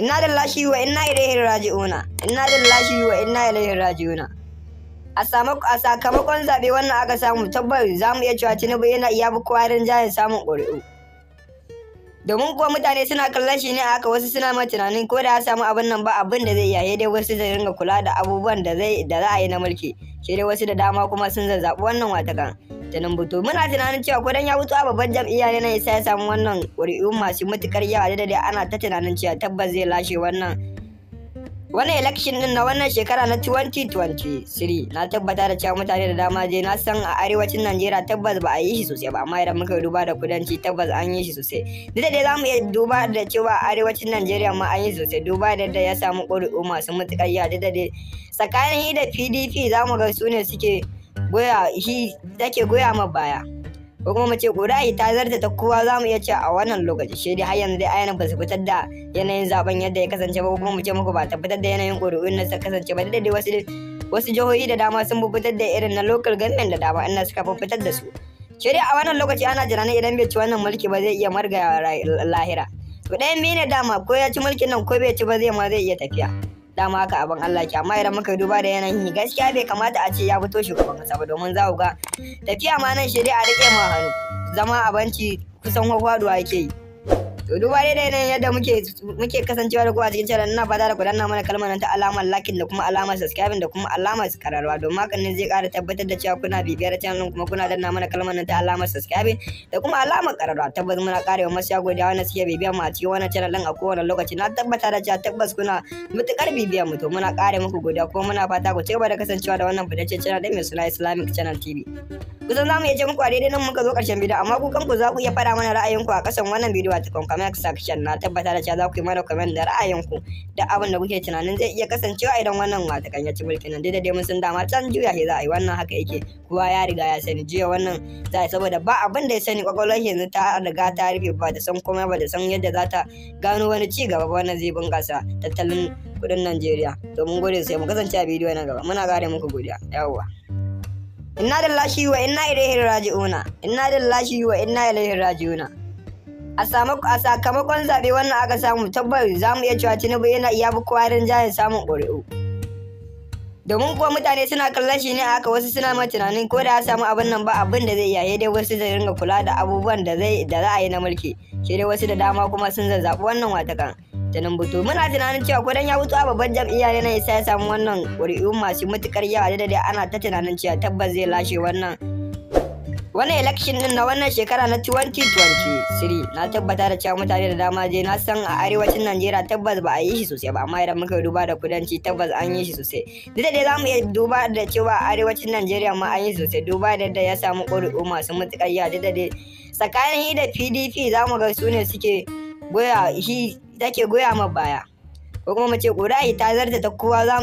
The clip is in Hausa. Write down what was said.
inna lillahi wa inna ilaihi raji'una inna lillahi wa inna ilaihi raji'una a sakamakon zabe wannan aka samu tabbar za mu iya cewa tinubu yana iya bi kwarin jihar samun ƙuri'u domin kuwa mutane suna kallon shi ne a wasu suna ma tunanin ko da ya samu abin nan ba abin da zai iya dai wasu zai ringa kula da abubuwan da za a yi na mulki shi dai wasu da dama kuma sun zazzaɓi wannan watakan muna tunanin cewa ko ya mutu a babban jam'iyya ne na isa ya samu wannan ƙuri'un masu matukar yawa da dai ana ta tunanin cewa tabbas zai lashe wannan wannan election din na wannan shekara na 2023 na tabbata da cewa mutane da dama je na san a arewacin Najeriya tabbas ba a yi shi sosai ba amma idan muka duba da kudanci tabbas an yi shi sosai duk da dai zamu iya duba da cewa a arewacin Najeriya ma an yi sosai duba da yadda ya samu ƙuri'u masu matukar yawa duk da tsakanin da PDP zamu ga sune suke goya shi take goya ma baya ko kuma mace guda ta zarta ta kowa za mu iya ce a wannan lokaci shi dai har yanzu dai ayyana ba su fitar da yanayin zaben yadda ya kasance ba ko kuma mu ce muku ba ta fitar da yanayin ƙuri'un na kasance ba dai wasu wasu jihohi da dama sun fitar da irin na local government da dama ina suka fitar da su shi dai a wannan lokaci ana tunanin idan bai ci wannan mulki ba zai iya marga lahira to ɗayan mene ne dama ko ya ci mulkin nan ko bai ci ba zai ma zai iya tafiya dama haka abin Allah ke amma idan muka duba da yanayi gaskiya bai kamata a ce ya fito shugaban kasa ba domin za ku ga tafiya ma nan shari'a rike ma hannu zama abanci kusan kwakwaduwa yake yi to duba dai da yanayin yadda muke muke kasancewa da kowa a cikin channel ina fata da ku danna mana kalmar ta alamar like da kuma alamar subscribe da kuma alamar kararwa don hakan ne zai kara tabbatar da cewa kuna bibiyar channel kuma kuna danna mana kalmar ta alamar subscribe da kuma alamar kararwa tabbas muna kare wa masu godiya wanda suke bibiyar mu a cikin wannan channel din a kowane lokaci na tabbata da cewa tabbas kuna mutukar bibiyar mu to muna kare muku godiya kuma muna fata ku ci gaba da kasancewa da wannan fitaccen channel din mai suna Islamic Channel TV kusan za mu iya ce muku a daidai nan muka zo ƙarshen bidiyo amma ku kanku za ku iya faɗa mana ra'ayinku a ƙasan wannan bidiyo a cikin comment section na tabbata da cewa za ku yi mana comment da ra'ayinku da abin da kuke tunanin zai iya kasancewa idan wannan watakan ya ci mulkin nan daidai mun sun dama can juya shi za a yi wannan haka yake kowa ya riga ya sani jiya wannan za a saboda ba abin da ya sani kwakwalwar yanzu ta riga ta rufe ba da san komai ba da san yadda za ta gano wani ci gaba ba wannan zai bunkasa tattalin kudin Najeriya to mun gode sai mu kasance a bidiyo na gaba muna gare muku godiya yawwa inna lillahi wa inna ilaihi raji'una inna lillahi wa inna ilaihi raji'una a sakamakon zaɓe wannan aka samu tabbar za mu iya cewa tinubu yana iya bi kwarin jihar samun ƙuri'u domin kuwa mutane suna kallon shi ne a haka wasu suna ma tunanin ko da ya samu abin nan ba abin da zai iya dai wasu zai ringa kula da abubuwan da zai da za a yi na mulki shi dai wasu da dama kuma sun zazzaɓi wannan watakan tunan to muna tunanin cewa ko dan ya wuce a babban jam'iyya ne na isa ya samu wannan ƙuri'u masu matuƙar yawa da dai ana ta tunanin cewa tabbas zai lashe wannan wannan election din na wannan shekara na 2023 na tabbata da cewa mutane da dama je na san a arewacin Najeriya tabbas ba a yi shi sosai ba amma idan muka duba da kudanci tabbas an yi shi sosai duk da dai zamu iya duba da cewa a arewacin Najeriya ma an yi sosai duba da yadda ya samu ƙuri'u masu matuƙar yawa duk da dai tsakanin da PDP zamu ga su ne suke goya shi take goya ma baya ko kuma mu ce ta zarta ta kowa